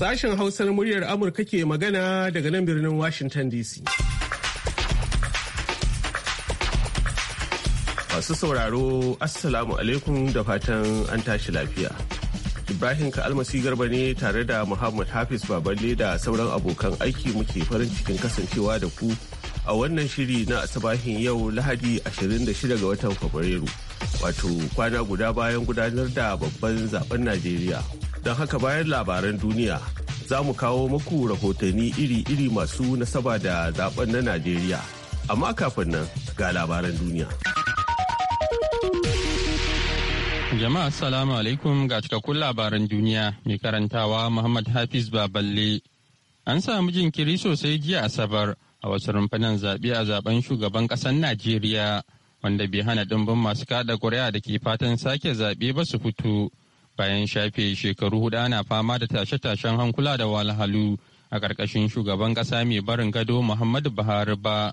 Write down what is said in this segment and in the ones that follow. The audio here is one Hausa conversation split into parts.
Sashen Hausar muryar Amurka ke magana daga nan birnin Washington DC. Masu sauraro, Assalamu alaikum da fatan an tashi lafiya. Ibrahim Ka'almasi Garba ne tare da Muhammad Hafiz Baballe da sauran abokan aiki muke farin cikin kasancewa da ku a wannan shiri na asabahin yau Lahadi 26 ga watan Fabrairu. Wato kwana guda bayan gudanar da babban zaben Najeriya. Don haka bayan labaran duniya za mu kawo muku rahotanni iri-iri masu nasaba da zaben na Najeriya. Amma kafin nan ga labaran duniya. Jama'a Assalamu alaikum ga cikakkun labaran duniya mai karantawa Muhammad Hafiz Baballe. An samu jinkiri sosai jiya Asabar a wasu rumfunan zaɓe a zaben shugaban ƙasar Najeriya wanda bai hana ɗumbin masu kaɗa ƙuri'a da ke fatan sake zaɓe ba su fito bayan shafe shekaru hudu ana fama da tashe-tashen hankula da walhalu a ƙarƙashin shugaban ƙasa mai barin gado muhammadu buhari ba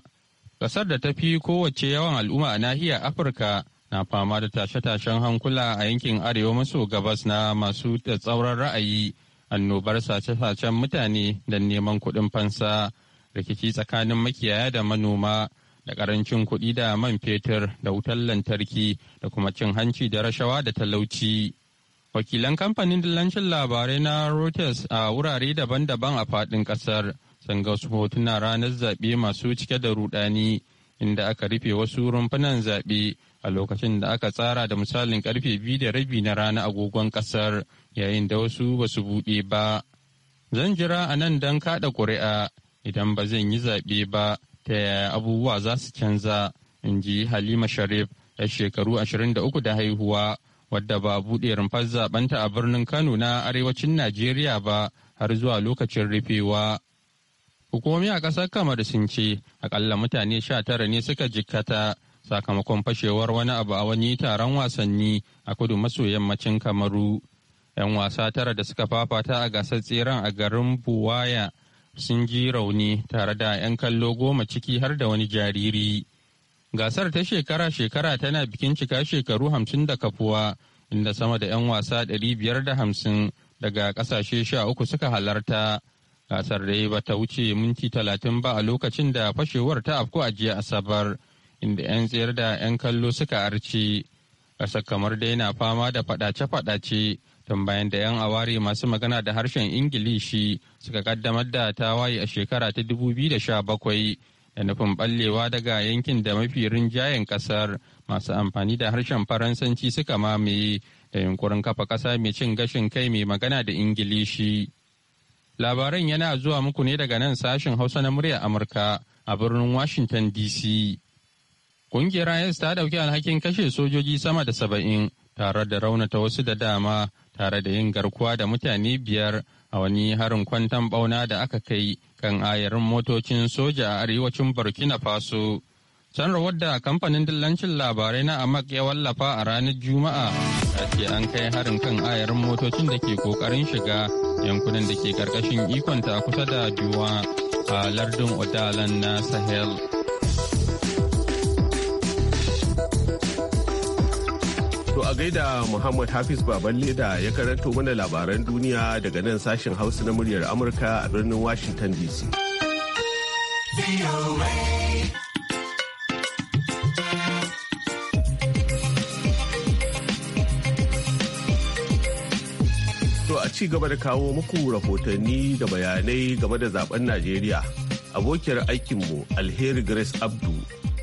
ƙasar da ta fi kowace yawan al'umma a nahiyar afirka na fama da tashe-tashen hankula a yankin arewa maso gabas na masu tsauran ra'ayi annobar sace-sacen mutane da neman kuɗin fansa rikici tsakanin makiyaya da manoma da ƙarancin kuɗi da man fetur da wutar lantarki da kuma cin hanci da rashawa da talauci. wakilan kamfanin dillancin labarai na reuters a wurare daban-daban a faɗin ƙasar sun ga wasu hotuna ranar zaɓe masu cike da rudani inda aka rufe wasu rumfunan zaɓe a lokacin da aka tsara da misalin karfe biyu da rabi na rana agogon ƙasar yayin da wasu ba su buɗe ba zan jira a nan don kaɗa ƙuri'a idan ba zan yi zaɓe ba ta yaya abubuwa za su canza in ji halima sharif yar shekaru 23 da haihuwa wadda ba buɗe rumfar zaɓenta a birnin Kano na arewacin Najeriya ba har zuwa lokacin rufewa. Hukumomi a ƙasar kamar sun ce akalla mutane sha tara ne suka jikkata sakamakon fashewar wani abu a wani taron wasanni a kudu maso yammacin Kamaru. 'Yan wasa tara da suka fafata a gasar tseren a garin Buwaya sun ji rauni tare da 'yan kallo goma ciki har da wani jariri. Gasar ta shekara-shekara tana bikin cika shekaru hamsin da kafuwa inda sama da 'yan wasa 550 daga kasashe 13 suka halarta gasar da ba ta wuce minti 30 ba a lokacin da fashewar ta afko a jiya asabar inda 'yan tsayar da 'yan kallo suka arci ƙasar kamar dai na fama da fadace-fadace tun bayan da 'yan aware masu magana da harshen ingilishi suka kaddamar da tawaye a shekara ta 2017 da nufin ɓallewa daga yankin da mafi rinjayen ƙasar masu amfani da harshen faransanci suka mamaye da yunkurin kafa ƙasa mai cin gashin kai mai magana da ingilishi labaran yana zuwa muku ne daga nan sashen hausa na muryar amurka a birnin washington dc ƙungiyar is ta ɗauki alhakin kashe sojoji sama da saba'in tare da raunata wasu da dama tare da yin garkuwa da mutane biyar a wani harin kwantan bauna da aka kai kan ayarin motocin soja a arewacin burkina faso sanarwar da kamfanin dillancin labarai na amak ya wallafa a ranar juma'a a ce an kai harin kan ayarin motocin da ke kokarin shiga yankunan da ke karkashin ikonta kusa da juwa a lardin odalan na sahel To a gaida Muhammad Hafiz baban Leda ya karanto mana labaran duniya daga nan sashen Hausa na muryar Amurka a birnin Washington DC. To a ci gaba da kawo muku rahotanni da bayanai game da zaben Najeriya. Abokiyar aikinmu Alheri Grace Abdu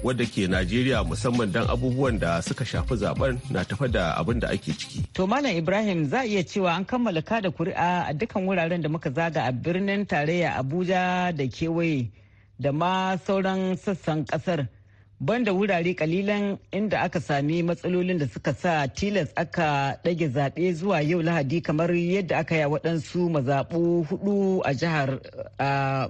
wadda ke najeriya musamman don abubuwan da suka shafi zaben na tafa da abin da ake ciki to malam ibrahim za a iya cewa an kammala kada kuri'a a dukkan wuraren da muka zaga a birnin tarayya abuja da kewaye da ma sauran sassan kasar banda wurare kalilan inda aka sami matsalolin da suka sa tilas aka ɗage zaɓe zuwa yau lahadi kamar yadda aka yi waɗansu mazaɓu hudu a jihar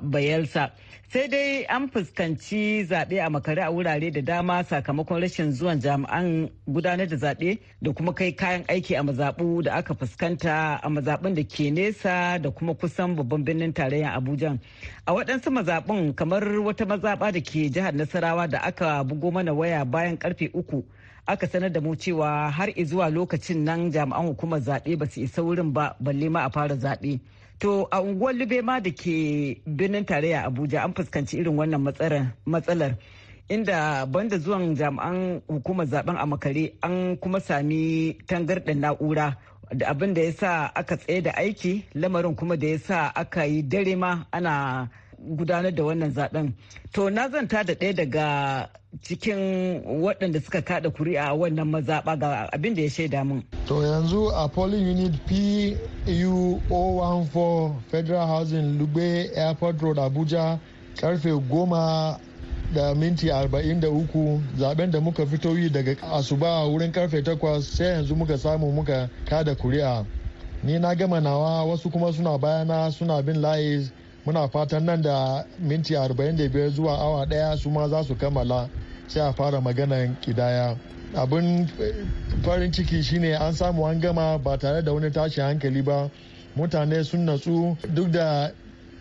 bayelsa sai dai an fuskanci zaɓe a makare a wurare da dama sakamakon rashin zuwan jami'an gudanar da zaɓe da kuma kai kayan aiki a mazaɓu da aka fuskanta a mazaɓun da ke nesa da kuma kusan babban birnin tarayyar abuja a waɗansu mazaɓun kamar wata mazaɓa da ke jihar nasarawa da aka bugo mana waya bayan karfe uku aka sanar da mu cewa har zuwa lokacin nan jami'an hukumar zaɓe ba su isa wurin ba balle ma a fara zaɓe. To a unguwar Lube ma da ke birnin tarayya Abuja an fuskanci irin wannan matsalar. Inda banda zuwan jami'an hukumar zaben a makare an kuma sami tangarɗin na'ura da abin da ya sa aka tsaye da aiki lamarin kuma da ya sa aka yi dare ma ana gudanar da wannan zaben to na zanta da ɗaya daga cikin waɗanda suka kada kuri'a a wannan mazaɓa ga abin da ya shaida mun to yanzu a polling unit pu 014 federal housing lugbe airport road abuja karfe goma da minti 43 zaben da muka fito yi daga asuba wurin karfe 8 sai yanzu muka samu muka kada kuri'a ni na gama nawa wasu kuma suna bayana suna bin layi muna fatan nan da minti 45 zuwa awa daya su ma za su kammala sai a fara maganan kidaya abin eh, farin ciki shine an samu an gama ba tare da wani tashi hankali ba mutane sun natsu duk da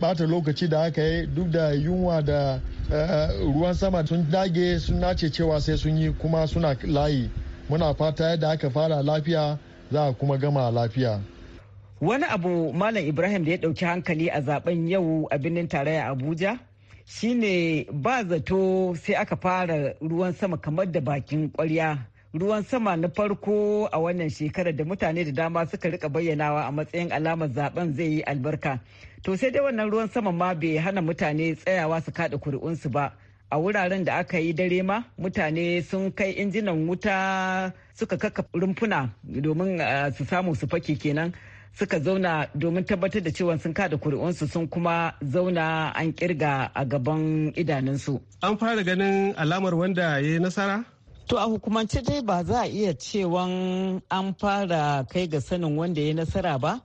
bata lokaci da aka yi duk da yunwa da eh, ruwan sama sun dage sun nace cewa sai sun yi kuma suna layi muna fata yadda aka fara lafiya za a kuma gama lafiya wani abu malam ibrahim da ya ɗauki hankali a zaben yau a birnin tarayya abuja shine ba zato sai aka fara ruwan sama kamar da bakin kwarya ruwan sama na farko a wannan shekarar da mutane da dama suka rika bayyanawa a matsayin alamar zaben zai yi albarka to sai dai wannan ruwan sama ma bai hana mutane tsayawa su kada kuri'unsu ba a wuraren da aka yi dare ma mutane sun kai injinan wuta suka kaka rumfuna domin eh, su samu su fake kenan suka zauna domin tabbatar da cewa sun kada kuri'unsu sun kuma zauna an kirga a gaban idanunsu. An fara ganin alamar wanda ya yi nasara? To a hukumance dai ba za a iya cewa an fara kai ga sanin wanda ya yi nasara ba.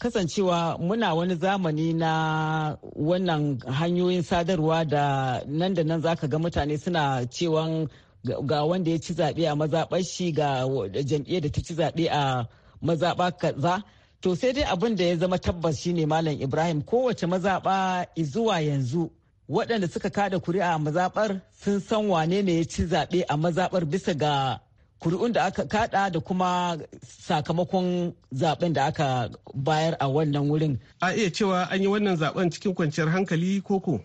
Kasancewa muna wani zamani na wannan hanyoyin sadarwa da nan da nan zaka ga mutane suna cewa ga wanda ya ci zaɓe a mazaɓar shi ga jam'iyyar da ta ci zaɓe a mazaɓa kaza. To sai dai abin da ya zama tabbas shine Malam Ibrahim kowace mazaɓa zuwa yanzu waɗanda suka kada kuri'a a mazaɓar sun san wane ne ya ci zaɓe a mazaɓar bisa ga kuri'un da aka kada da kuma sakamakon zaben da aka bayar a wannan wurin. A iya cewa an yi wannan zaɓen cikin kwanciyar hankali koko?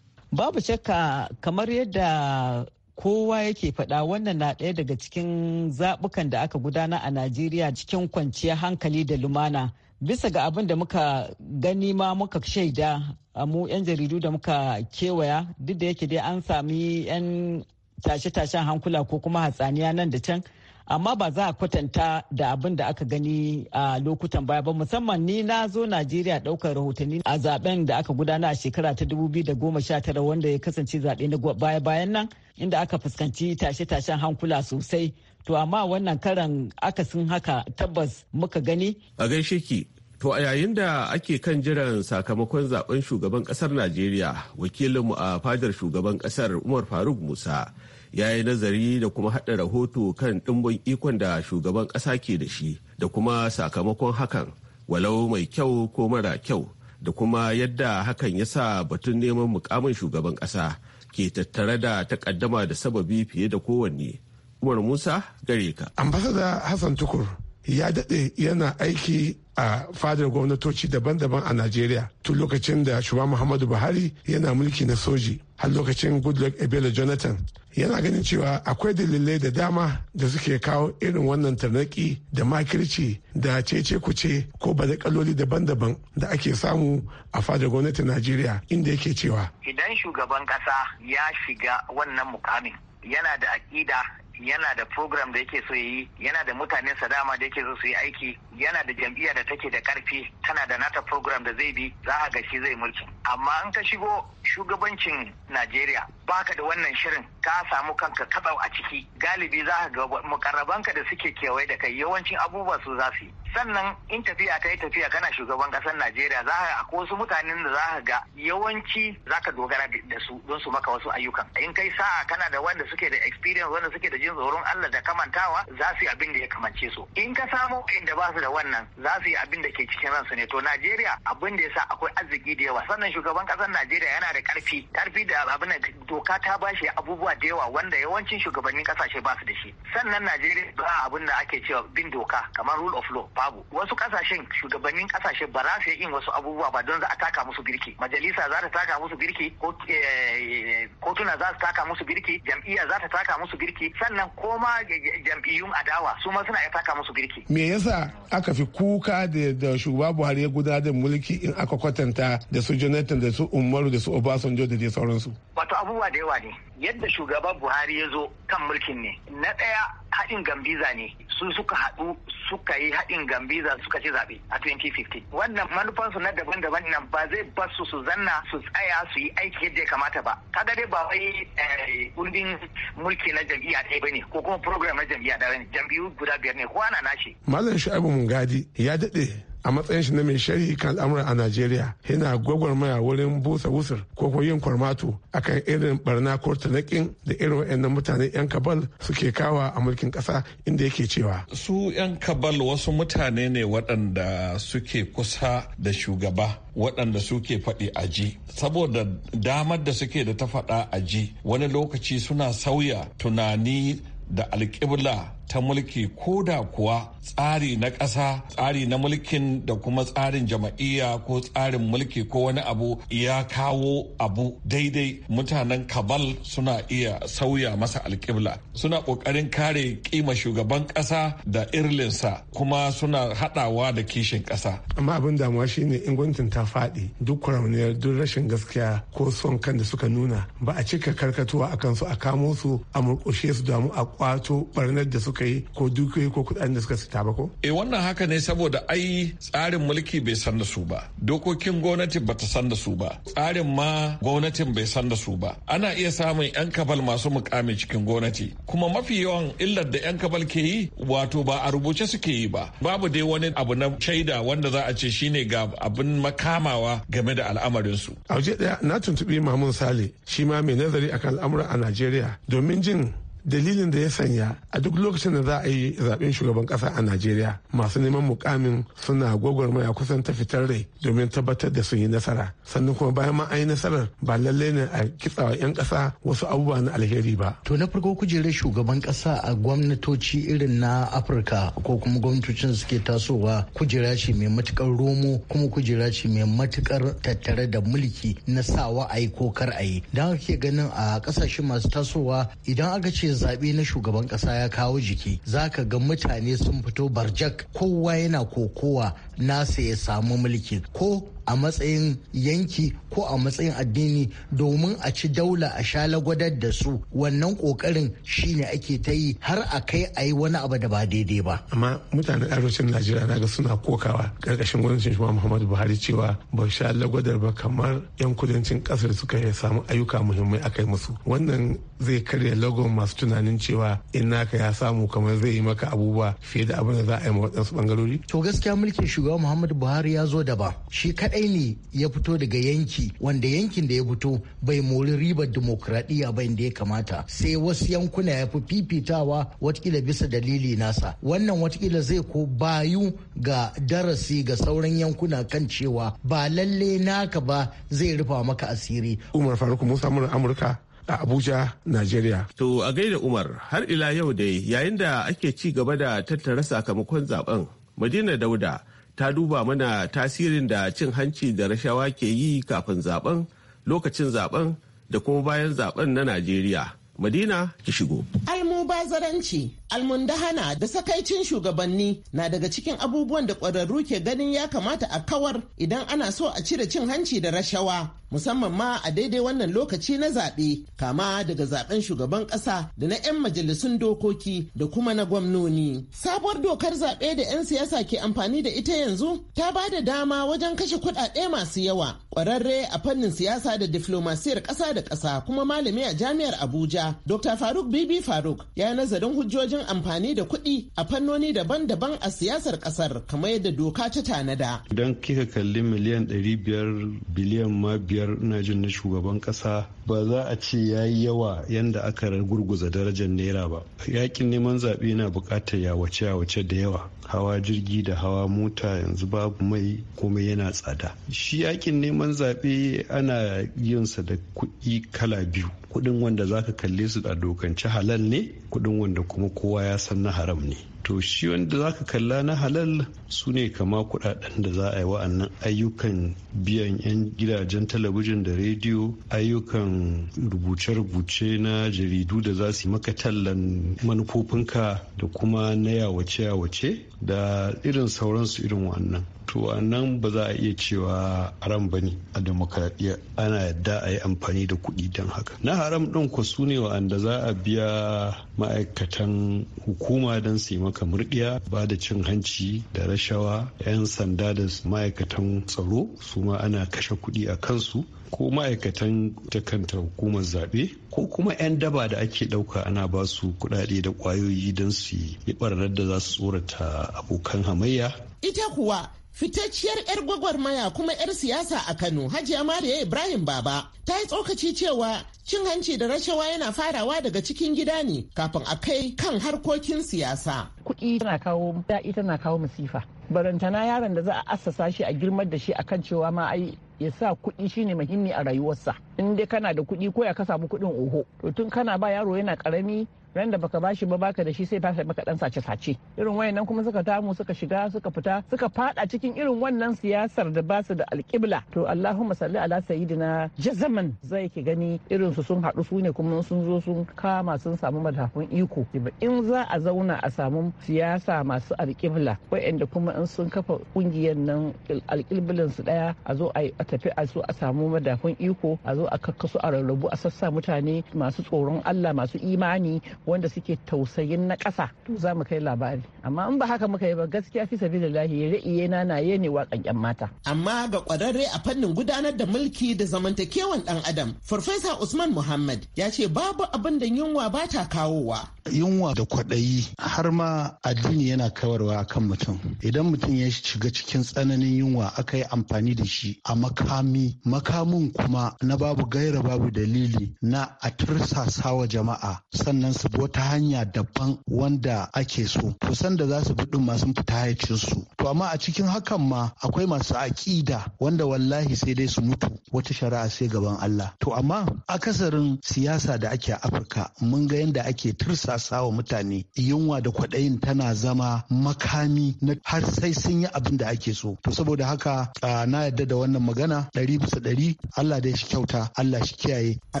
Babu shakka kamar yadda kowa yake faɗa wannan na ɗaya daga cikin zaɓukan da aka gudana a najeriya cikin kwanciyar hankali da lumana bisa ga abin da muka gani ma muka shaida a mu 'yan jaridu da muka kewaya duk da yake dai an sami 'yan tashe-tashen hankula ko kuma hatsaniya nan da can amma ba za a kwatanta da abin da aka gani a lokutan baya ba musamman ni na zo najeriya daukar rahotanni a zaben da aka gudana a shekara ta 2019 wanda ya kasance zaɓe na baya bayan nan inda aka fuskanci tashe-tashen hankula sosai to amma wannan karan aka akasin haka tabbas muka gani a gaishe ki To a yayin da ake kan jiran sakamakon zaben shugaban kasar Najeriya wakilinmu a fadar shugaban kasar Umar Faruk Musa ya yi nazari da kuma haɗa rahoto kan ɗimbin ikon da shugaban ƙasa ke da shi da kuma sakamakon hakan walau mai kyau ko mara kyau da kuma yadda hakan ya sa batun neman mukamin shugaban ƙasa ke tattare da takaddama da sababi fiye da kowanne. Umar Musa gare ka. Ambasada Hassan Tukur ya daɗe yana aiki a fadar gwamnatoci daban-daban a Najeriya tun lokacin da shugaba Muhammadu Buhari yana mulki na soji har lokacin Goodluck Ebele Jonathan yana ganin cewa akwai dalilai da dama da suke kawo irin wannan tarnaki da makirci da cece kuce ko kaloli daban-daban da ake samu a fadar gwamnatin najeriya inda yake cewa idan shugaban kasa ya shiga wannan mukamin yana da aƙida yana da program da yake so yi yana da mutanen sa dama da yake so su yi aiki yana da jam'iyya da take da karfi tana da nata program da zai bi za a ga shi zai mulki amma in ka shigo shugabancin Najeriya baka da wannan shirin ka samu kanka kabau a ciki galibi za ka ga mukarrabanka da suke kewaye da kai yawancin abubuwa su za su yi sannan in tafiya ta yi tafiya kana shugaban kasar najeriya za a ko wasu mutanen da za ka ga yawanci za ka dogara da su don su maka wasu ayyukan in kai sa'a kana da wanda suke da experience wanda suke da jin tsoron allah da kamantawa za su yi abin da ya kamance su in ka samu da ba su da wannan za su yi abin da ke cikin ransu ne to najeriya abin da ya sa akwai arziki da yawa sannan shugaban kasar najeriya yana da karfi karfi da abin da doka ta ba shi abubuwa da yawa wanda yawancin shugabannin kasashe ba su da shi sannan najeriya ba abin da ake cewa bin doka kamar rule of law babu wasu kasashen shugabannin kasashe ba za su yi wasu abubuwa ba don za a taka musu birki majalisa za ta taka musu birki eh, kotuna za su taka musu birki jam'iyya za ta taka musu birki sannan koma jam'iyyun adawa su ma suna iya taka musu birki me yasa aka fi kuka da shugaba Buhari ya gudanar da mulki in aka kwatanta da su Jonathan da su Umaru da su Obasanjo da dai sauransu wato abubuwa da yawa ne yadda shugaba Buhari ya zo kan mulkin ne na ɗaya haɗin gambiza ne su suka haɗu suka yi haɗin gambiza suka ci zaɓe a 2015 wannan manufansu na daban-daban nan ba zai basu su su zanna su tsaya su yi aiki yadda ya kamata ba kaga dai ba wai eh, kundin mulki na jam'iyya ɗaya bane ko kuma program na jam'iyya ɗaya ne jam'iyyu guda biyar ne kowa na nashi malam sha'ibu mungadi ya daɗe a matsayin shi na mai sharhi kan al'amuran a Najeriya yana gwagwarmaya wurin busa wusur ko kuma yin kwarmato akan irin barna ko tanakin da irin wa'annan mutane yan kabal suke kawa a mulkin ƙasa inda yake cewa su yan kabal wasu mutane ne waɗanda suke kusa da shugaba waɗanda suke faɗi a ji saboda damar da suke da ta faɗa a ji wani lokaci suna sauya tunani da alƙibla ta mulki ko da kuwa tsari na ƙasa tsari na mulkin da kuma tsarin jama'iyya ko tsarin mulki ko wani abu ya kawo abu daidai mutanen kabal suna iya sauya masa alƙibla suna ƙoƙarin kare kima shugaban ƙasa da irlinsa kuma suna haɗawa da kishin ƙasa amma abin damuwa shine in ta faɗi duk kwaramniyar duk rashin gaskiya ko son kan da suka nuna ba a cika karkatuwa akan su a kamo su a murƙushe su damu a kwato barnar da suka suka yi ko dukiyoyi ko kudin da suka sita ba ko eh wannan haka ne saboda ai tsarin mulki bai san da su ba dokokin gwamnati ba ta san da su ba tsarin ma gwamnatin bai san da su ba ana iya samun yan kabal masu mukami cikin gwamnati kuma mafi yawan illar da yan kabal ke yi wato ba a rubuce suke yi ba babu dai wani abu na shaida wanda za a ce shine ga abin makamawa game da al'amarin su a waje daya na tuntuɓi mamun sale shi ma mai nazari akan al'amura a najeriya domin jin dalilin da ya sanya a duk lokacin da za a yi zaben shugaban kasa a najeriya masu neman mukamin suna gwagwarmaya kusan ta fitar rai domin tabbatar da sun yi nasara sannan kuma bayan ma an yi nasarar ba lallai ne a kitsawa 'yan kasa wasu abubuwa na alheri ba to na farko kujerar shugaban kasa a gwamnatoci irin na afirka ko kuma gwamnatocin suke tasowa kujera ce mai matukar romo kuma kujera ce mai matukar tattare da mulki na sawa a yi ko kar a yi don ganin a kasashe masu tasowa idan aka ce zaɓe na shugaban ƙasa ya kawo jiki za ka ga mutane sun fito barjak kowa yana kokowa nasa ya samu mulki ko a matsayin yanki ko a matsayin addini domin a ci daula a sha lagwadar da su wannan kokarin shine ake ta yi har a kai a yi wani abu da ba daidai ba amma mutanen arewacin najeriya na ga suna kokawa karkashin gwamnatin shugaban muhammadu buhari cewa ba sha lagwadar ba kamar yan kudancin kasar suka yi samu ayyuka muhimmai a kai musu wannan zai karya lagon masu tunanin cewa in naka ya samu kamar zai yi maka abubuwa fiye da abin da za a yi ma waɗansu bangarori to gaskiya mulkin shugaban muhammadu buhari ya zo da ba shi kaɗai kadai ya fito daga yanki wanda yankin da ya fito bai mori ribar dimokuraɗiyya ba inda ya kamata sai wasu yankuna ya fi fifitawa watakila bisa dalili nasa wannan watakila zai ko bayu ga darasi ga sauran yankuna kan cewa ba lalle naka ba zai rufa maka asiri umar faruk musa amurka a Abuja, nigeria. To a gaida Umar, har ila yau dai yayin da ake ci gaba da tattara sakamakon zaben Madina Dauda ta duba mana tasirin da cin hanci da rashawa ke yi kafin zaben lokacin zaben da kuma bayan zaben na najeriya madina ki shigo almubazaranci almundahana da sakaicin shugabanni na daga cikin abubuwan da ƙwararru ke ganin ya kamata a kawar idan ana so a cire cin hanci da rashawa musamman ma a daidai wannan lokaci na zaɓe kama daga zaɓen shugaban ƙasa da na 'yan majalisun dokoki da kuma na gwamnoni sabuwar dokar zaɓe da 'yan siyasa ke amfani da ita yanzu ta ba da dama wajen kashe kuɗaɗe masu yawa ƙwararre a fannin siyasa da diflomasiyar ƙasa da ƙasa kuma malami a jami'ar abuja dr faruk bibi faruk ya nazarin hujjojin amfani da kuɗi a fannoni daban-daban a siyasar ƙasar kamar yadda doka ta tanada. Idan kika kalli miliyan 500 biliyan ma biyar ina jin na shugaban ƙasa ba za a ce ya yi yawa yanda aka gurguza darajar naira ba. Yakin neman zaɓe na buƙatar yawace-yawace da yawa. Hawa jirgi da hawa mota yanzu babu mai komai yana tsada. Shi yakin neman zaɓe ana yinsa da kuɗi kala biyu. Kuɗin wanda za ka kalle su a dokance halal ne, kuɗin wanda kuma ko kowa ya san na haram ne to shi wanda zaka kalla na halal su ne kama kudaden da za a yi wa'annan ayyukan biyan 'yan gidajen talabijin da rediyo ayyukan rubuce-rubuce na jaridu da za su yi maka tallan manufofinka da kuma na yawace-yawace da irin sauransu irin wa'annan to a ba za a iya cewa haram ba ne a demokaradiyya ana yadda a yi amfani da kuɗi don haka na haram ɗin ku su ne wa'anda za a biya ma'aikatan hukuma don su yi maka murɗiya ba da cin hanci da rashawa 'yan sanda da ma'aikatan tsaro su ma ana kashe kuɗi a kansu ko ma'aikatan ta kanta hukumar zaɓe ko kuma 'yan daba da ake ɗauka ana ba su kuɗaɗe da ƙwayoyi don su yi ɓarnar da za su tsorata abokan hamayya. Ita kuwa Fitacciyar 'yar gwagwarmaya kuma 'yar siyasa a Kano, Hajiya Mariya Ibrahim Baba, ta yi tsokaci cewa cin hanci da rashawa yana farawa daga cikin gida ne kafin a kai kan harkokin siyasa. Kuɗi tana kawo tana kawo masifa. Barantana yaron da za a assasa shi a girmar da shi akan cewa ma ai ya sa kuɗi shine muhimmi a rayuwarsa in dai kana da kuɗi ko ya ka samu kuɗin oho to tun kana ba yaro yana ƙarami ran da baka bashi ba baka da shi sai fasa baka dan sace sace irin wayannan kuma suka tamu suka shiga suka fita suka fada cikin irin wannan siyasar da basu da alƙibla to Allahumma salli ala sayyidina jazaman zai ki gani irin su sun haɗu su ne kuma sun zo sun kama sun samu madafun iko in za a zauna a samu siyasa masu alƙibla wayanda kuma in sun kafa kungiyar nan alƙiblan su daya a zo a tafi a zo a samu madafun iko a zo a kakkasu a rarrabu a sassa mutane masu tsoron Allah masu imani wanda suke tausayin na ƙasa to za mu kai labari amma in ba haka muka yi ba gaskiya fi sabilillahi ra'iye na na ye ne waƙan mata amma ga ƙwararre a fannin gudanar da mulki da zamantakewan ɗan adam farfesa usman muhammad ya ce babu abin da yunwa ba ta kawowa yunwa da kwaɗayi har ma addini yana kawarwa kan mutum idan mutum ya shiga cikin tsananin yunwa aka yi amfani da shi a makami makamin kuma na babu gaira babu dalili na a tursasa wa jama'a sannan su wata hanya daban wanda ake so kusan da za su bi masu fita hayacin su to amma a cikin hakan ma akwai masu aƙida wanda wallahi sai dai su mutu wata shari'a sai gaban Allah to amma akasarin siyasa da ake a Afirka mun ga yadda ake tursasawa mutane yunwa da kwaɗayin tana zama makami na har sai sun yi abin da ake so to saboda haka na yadda da wannan magana ɗari bisa ɗari Allah dai shi kyauta Allah shi kiyaye a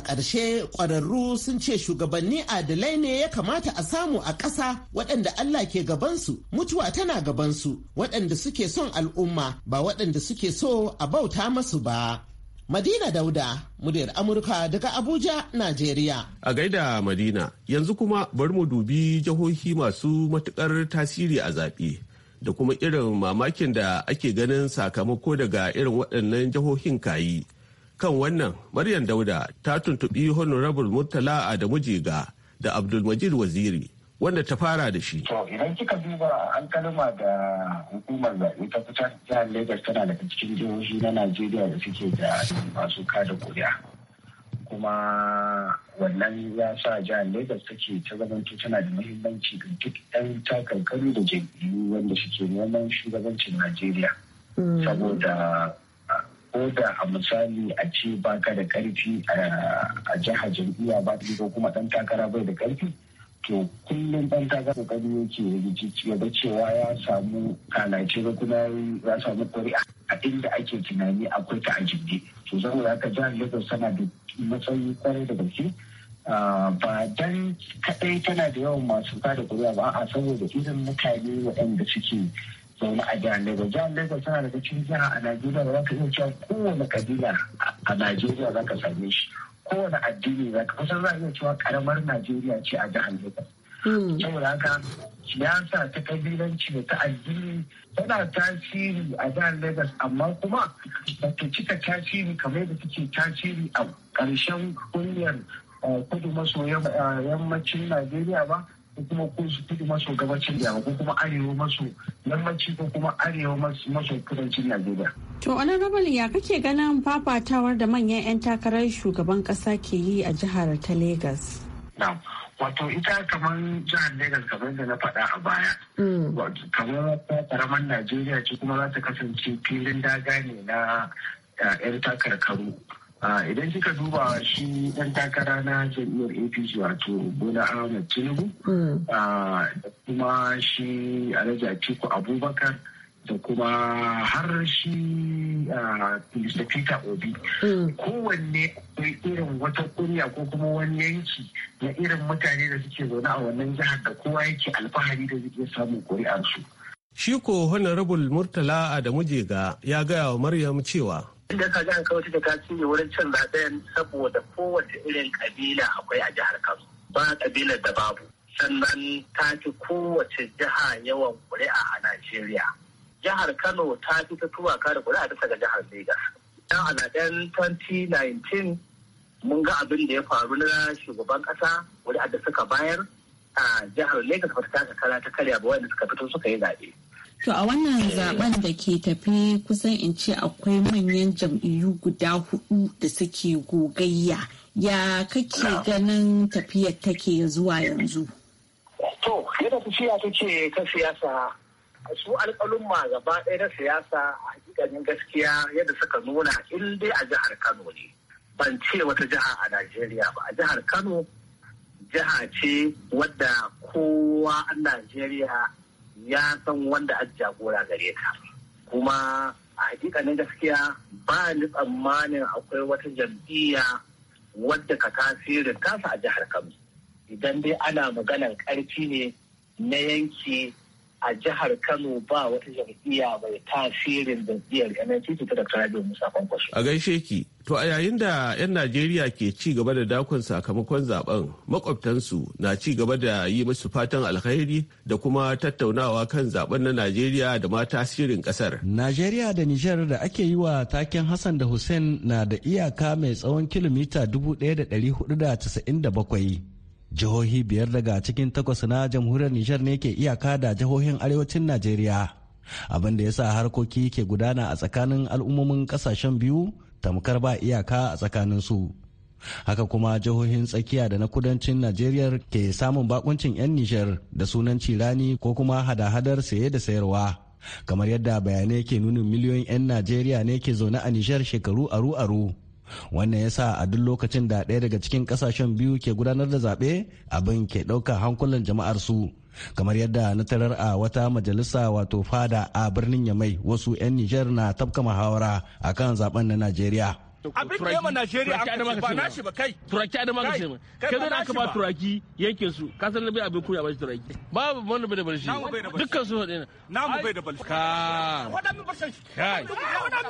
ƙarshe ƙwararru sun ce shugabanni adalai ne ya kamata a samu a ƙasa waɗanda Allah ke gabansu mutuwa tana gabansu waɗanda suke son al'umma ba waɗanda suke so a bauta masu ba. Madina Dauda, muryar Amurka daga Abuja, Najeriya. A gaida Madina, yanzu kuma bari mu dubi jihohi masu matukar tasiri a zaɓe da kuma irin mamakin da ake ganin sakamako daga irin waɗannan jihohin kayi. Kan wannan, Maryam Dauda ta tuntuɓi Honorable Murtala Adamu mujiga. da abdulmajid waziri wanda ta fara da shi. To idan kika duba an kalma da hukumar zaɓe ta fitar jihar Lagos tana daga cikin jihohi na Najeriya da suke da masu kada kuri'a. Kuma wannan ya sa jihar Lagos take ta zamanto tana da muhimmanci ga duk ɗan takarkaru da jam'iyyu wanda suke neman shugabancin Najeriya. Mm. Saboda ko da a misali a ce baka da karfi a jihar jam'iyya ba ta ko kuma dan takara bai da karfi to kullum dan takara kokari yake rigici ya ga cewa ya samu kalace ko kuma ya samu ƙuri'a a inda ake tunani akwai ta a to zan saboda ka jihar lagos tana da matsayi kwarai da gaske ba dan kadai tana da yawan masu kada kuri'a ba a saboda irin mutane waɗanda suke zaune a jihar Lagos. Jihar Lagos tana daga cikin jiha a Najeriya da za ka iya cewa kowane kabila a Najeriya za ka same shi. Kowane addini za ka kusan za a iya cewa karamar Najeriya ce a jihar Lagos. Hmm. Saboda haka siyasa ta kabilanci da ta addini tana tasiri a jihar Lagos amma kuma ba ta cika tasiri kamar da take tasiri a ƙarshen kungiyar eh, kudu maso eh, yammacin Najeriya ba. ko kuma ko su kudu maso gabacin yawa ko kuma arewa maso yammaci ko kuma arewa maso kudancin najeriya to honorable ya kake ganin fafatawar da manyan 'yan takarar shugaban kasa ke yi a jihar ta Legas. wato ita kamar jihar Legas kamar da na faɗa a baya. Mm. Kamar karamar Najeriya ce kuma za ta kasance filin daga ne na eh, 'yan takarkaru. idan kika duba shi dan takara na jam'iyyar apc wato bola ahmed tinubu hmm. da kuma shi alhaji atiku abubakar da kuma har shi mr peter obi hmm. kowanne akwai irin wata kuriya ko kuma wani yanki na irin mutane da suke zaune a wannan jihar da kowa yake alfahari da zai samun su. shi ko honorable murtala adamu jega ya gaya wa maryam cewa inda ka jihar Kano ta ne wurin cin zaben saboda kowace irin kabila akwai a jihar Kano ba kabila da babu sannan ta fi kowace jiha yawan ƙuri'a a Najeriya. Jihar Kano ta fi ta tuwaka da ƙuri'a bisa ga jihar Legas. Dan a zaben 2019 mun ga abin da ya faru na shugaban ƙasa ƙuri'a da suka bayar a jihar Legas ba ta kala ta karya ba wanda suka fito suka yi zaɓe. To a wannan zaben da ke tafi kusan in ce akwai manyan jam'iyyu guda hudu da suke gogayya ya kake ganin tafiyar take zuwa yanzu. To, yadda tafiya take ta siyasa su alƙalumma gaba ɗaya na siyasa a hakikanin gaskiya yadda suka nuna in dai a jihar Kano ne. Ban ce wata jiha a Najeriya ba, a jihar Kano jiha ce wadda kowa a Najeriya ya san wanda a jagora gare ka kuma a hakikanin gaskiya ba ni tsammanin akwai wata jam'iyya wadda ka tasirin kasa a jihar kano idan dai ana maganar karfi ne na yanki a jihar Kano ba wata jam'iyya mai tasirin jam'iyyar NNPP ta Dr. Rabiu Musa Kwankwaso. A gaishe ki, to a yayin da 'yan Najeriya ke ci gaba da dakon sakamakon zaben makwabtansu na ci gaba da yi musu fatan alkhairi da kuma tattaunawa kan zaben na Najeriya da ma tasirin kasar. Najeriya da Nijar da ake yi wa taken Hassan da Hussein na da iyaka mai tsawon kilomita 1497 jihohi biyar daga cikin takwas na jamhuriyar nijar ne ke iyaka da jihohin arewacin najeriya abin da ya sa harkoki ke gudana a tsakanin al'ummomin kasashen biyu tamkar ba iyaka a tsakanin su haka kuma jihohin tsakiya da na kudancin najeriya ke samun bakuncin 'yan nijar da sunan cirani ko kuma hada-hadar saye da sayarwa kamar yadda bayanai ke nunin miliyoyin 'yan najeriya ne ke zaune a nijar shekaru aru-aru wannan yasa a duk lokacin da ɗaya daga cikin ƙasashen biyu ke gudanar da zaɓe abin ke ɗauka hankulan jama'ar su kamar yadda na tarar a wata majalisa wato fada a birnin yamai wasu 'yan nijar na tafka muhawara akan zaben na najeriya abin da yawa najeriya an kashe ba nashi ba kai turaki adama ka ce mai kai zai aka ba turaki yankin su ka san bai abin kuya ba shi turaki babu wanda bai da balshi dukkan su hade na namu bai da balshi ka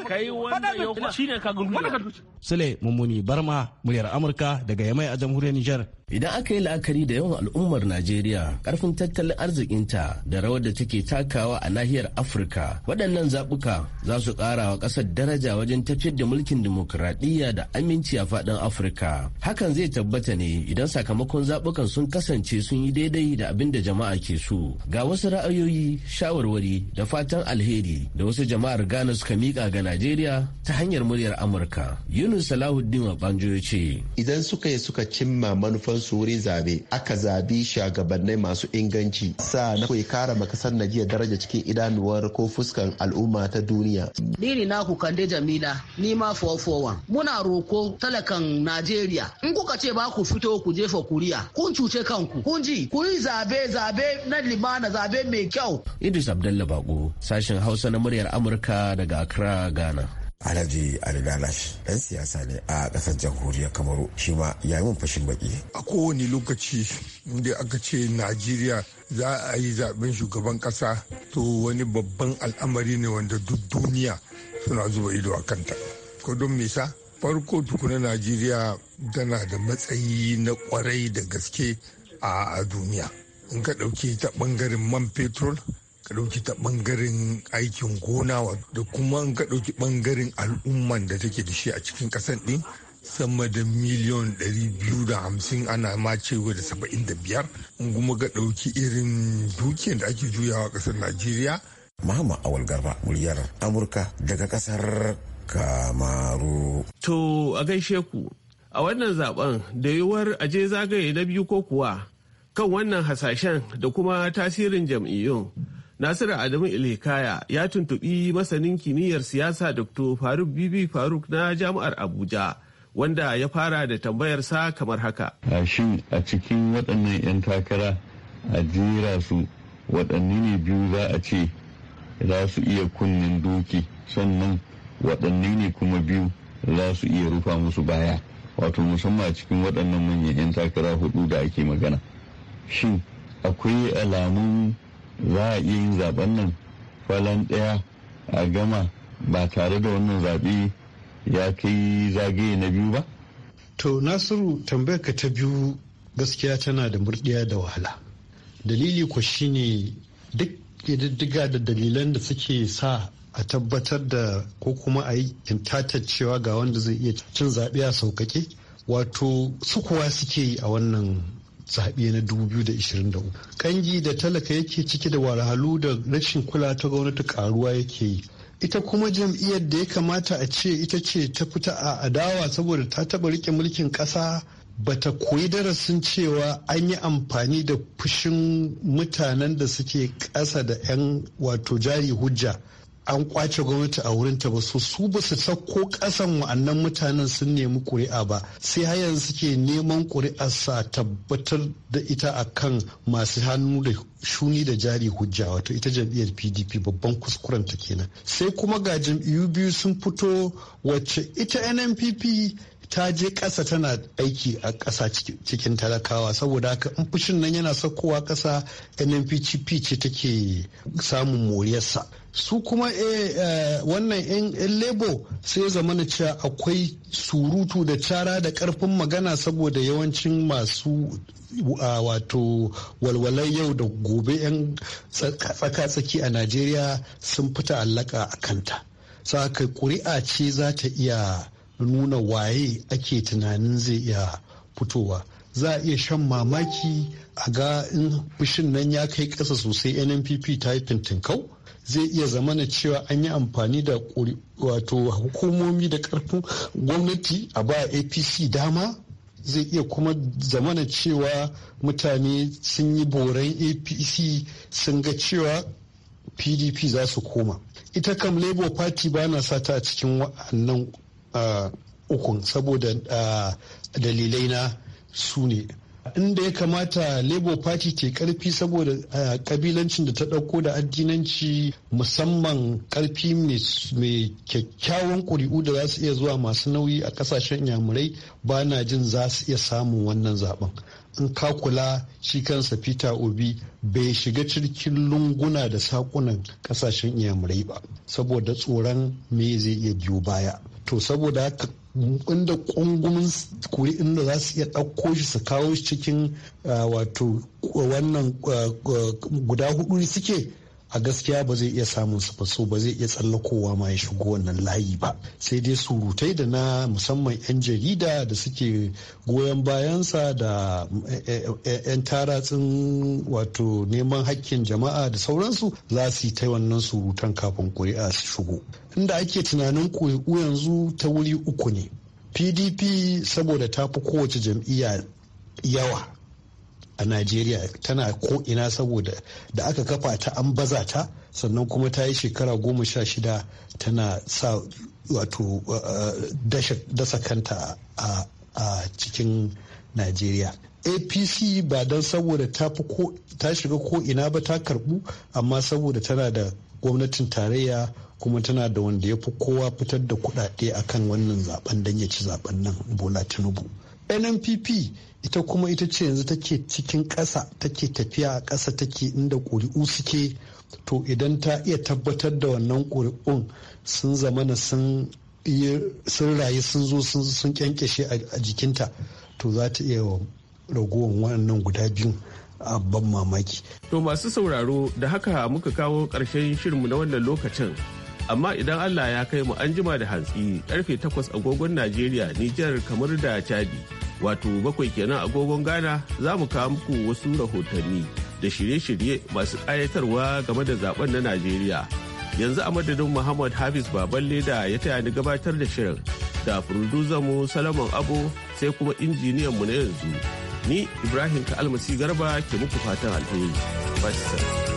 kai wannan yau shine ka gurgurda sule mummuni barma muryar amurka daga yamai a jamhuriyar niger Idan aka yi la'akari da yawan al'ummar Najeriya, karfin tattalin arzikinta da rawar da take takawa a nahiyar Afirka, waɗannan zaɓuka za su ƙara wa ƙasar daraja wajen tafiyar da mulkin dimokuraɗiyya da aminci a faɗin Afirka. Hakan zai tabbata ne idan sakamakon zaɓukan sun kasance sun yi daidai da abin da jama'a ke so. Ga wasu ra'ayoyi, shawarwari da fatan alheri da wasu jama'ar Ghana suka miƙa ga Najeriya ta hanyar muryar Amurka. Yunus Salahuddin Banjo ya ce. Idan suka yi suka cimma manufar, sauransu wurin zabe aka zabi shagabannai masu inganci sa na kai kara makasar jiya daraja cikin idanuwar ko fuskan al'umma ta duniya ni ne naku kande jamila ni ma 441 muna roko talakan najeriya in kuka ce ba ku fito ku jefa kuriya kun cuce kanku kun ji ku yi zabe zabe na limana zabe mai kyau idris abdullahi bako sashen hausa na muryar amurka daga accra ghana alhaji ali lalash ɗan siyasa ne a kasar jamhuriyar kamaru shi ma ya yi mun fashin baki a kowane lokaci da aka ce najeriya za a yi zaben shugaban ƙasa, to wani babban al'amari ne wanda duk duniya suna zuba ido a kanta ko don farko tukuna najeriya tana da matsayi na kwarai da gaske a duniya in ka ɗauki ta ɓangaren man fetur ka ɗauki ta ɓangaren aikin gona da kuma ka ɗauki ɓangaren al'umman da take da shi a cikin ƙasar ɗin sama da miliyon 250 ana ma cewa da 75 kuma ka ɗauki irin dukiyar da ake juyawa ƙasar najeriya mama awal garba muryar amurka daga ƙasar kamaru to a gaishe ku a wannan zaben da yiwuwar aje zagaye na biyu ko kuwa kan wannan hasashen da kuma tasirin jam'iyyun Nasiru Adamu Ilhikaya ya tuntuɓi masanin kimiyyar siyasa Dr. Faruk Bibi Faruk na Jami'ar Abuja. Wanda ya fara da tambayarsa kamar haka. A shin a cikin waɗannan 'yan takara a jera su waɗanne ne biyu za a ce za su iya kunnen doki sannan waɗanne ne kuma biyu za su iya rufa musu baya wato musamman a cikin waɗannan manyan 'yan takara hudu da ake magana shin akwai alamun za a iya yin zaben nan falan ɗaya a gama ba tare da wannan zaɓe ya kai zagaye na biyu ba? To Nasiru tambayar ka ta biyu gaskiya tana da murɗiya da wahala. Dalili ko shine duk ƙididdiga da dalilan da suke sa a tabbatar da ko kuma a yi cewa ga wanda zai iya cin zaɓe a sauƙaƙe wato su sukuwa suke yi a wannan zaɓe na 2023 kangi da talaka yake ciki da wahalhalu da rashin kula ta gwamnati karuwa yake yi ita kuma jam'iyyar da ya kamata a ce ita ce ta fita a adawa saboda ta taɓa riƙe mulkin ƙasa bata koyi darasin cewa an yi amfani da fushin mutanen da suke ƙasa da 'yan wato jari hujja an kwace gwamnati a wurin ta ba so su ba su sako kasan wa'annan mutanen sun nemi kuri'a ba sai har yanzu suke neman kuri'a sa tabbatar da ita a kan masu hannu da shuni da jari hujja wato ita jam'iyyar pdp babban kuskuren ta kenan sai kuma ga jam'iyyu biyu sun fito wacce ita nnpp ta je ƙasa tana aiki a ƙasa cikin talakawa saboda haka in fushin nan yana saukowa ƙasa nnpcp ce take samun moriyarsa su kuma eh, eh, wannan 'yan lebo sai zama na cewa akwai surutu da cara da karfin magana saboda yawancin masu wato walwalai yau da gobe 'yan tsaka-tsaki a najeriya sun fita allaka a kanta sa kai ƙuri'a ce za ta iya nuna waye ake tunanin zai iya fitowa za a iya shan mamaki a ga in bishin nan ya kai ƙasa sosai nnpp ta yi fintinkau zai iya zamana cewa an yi amfani da wato hukumomi da ƙarfin gwamnati a ba apc dama zai iya kuma zamana cewa mutane sun yi boran apc sun ga cewa pdp za su koma ita kam labour party ba na sata a cikin wa'annan Uh, ukun saboda uh, dalilai na su ne inda ya kamata labour party ke karfi saboda uh, kabilancin da ta ɗauko da addinanci musamman karfi mai kyakkyawan ƙuri'u da za su iya zuwa masu nauyi a ƙasashen yamurai ba na jin za su iya samun wannan zaben in ka kula shi kansa peter obi bai shiga cirkin lunguna da sakunan ƙasashen yamurai ba saboda tsoron me zai iya biyo baya to saboda haka inda kungumin kuri da za su iya ɗauko shi su kawo shi cikin ah, wato wannan ah, ah, guda hudu suke a gaskiya ba zai iya samun su faso ba zai iya tsallakowa ma ya shigo wannan layi ba sai dai surutai da na musamman 'yan jarida da suke goyon bayansa da 'yan eh, eh, taratsin wato neman hakkin jama'a da sauransu za su yi ta wannan surutan kafin kuri'a su shigo inda ake tunanin kuri'u yanzu ta wuri uku ne pdp saboda ta fi kowace jam'iyya yawa a najeriya tana ko ina saboda da aka kafa ta an baza ta sannan kuma ta yi shekara goma sha shida tana sa wato uh, uh, dasa kanta a cikin najeriya apc ba don saboda ta shiga ko ina ba ta karbu amma saboda tana da gwamnatin tarayya kuma tana da wanda ya fi kowa fitar da kudade akan wannan zaben don ya ci zaben nan bola tinubu nnpp ita kuma ita ce yanzu take cikin ƙasa take tafiya a ƙasa take inda ƙuri'u suke to idan ta iya tabbatar da wannan ƙuri'un sun zamana sun sun rayu sun zo sun kyankyashe a jikinta to za ta iya ragowar wannan guda biyu ban mamaki. To masu sauraro da haka muka kawo ƙarshen shirinmu na wannan lokacin. Amma idan Allah ya kai mu an jima da hantsi ƙarfe takwas agogon Najeriya, Nijar kamar da Chadi. wato bakwai kenan agogon ghana za mu kawo muku wasu rahotanni da shirye-shirye masu ƙayatarwa game da zaben na najeriya yanzu a madadin muhammad hafiz baban leda ya taya ni gabatar da shirin da mu salaman abu sai kuma injiniyan mu na yanzu ni ibrahim ka almasi garba ke muku fatan alheri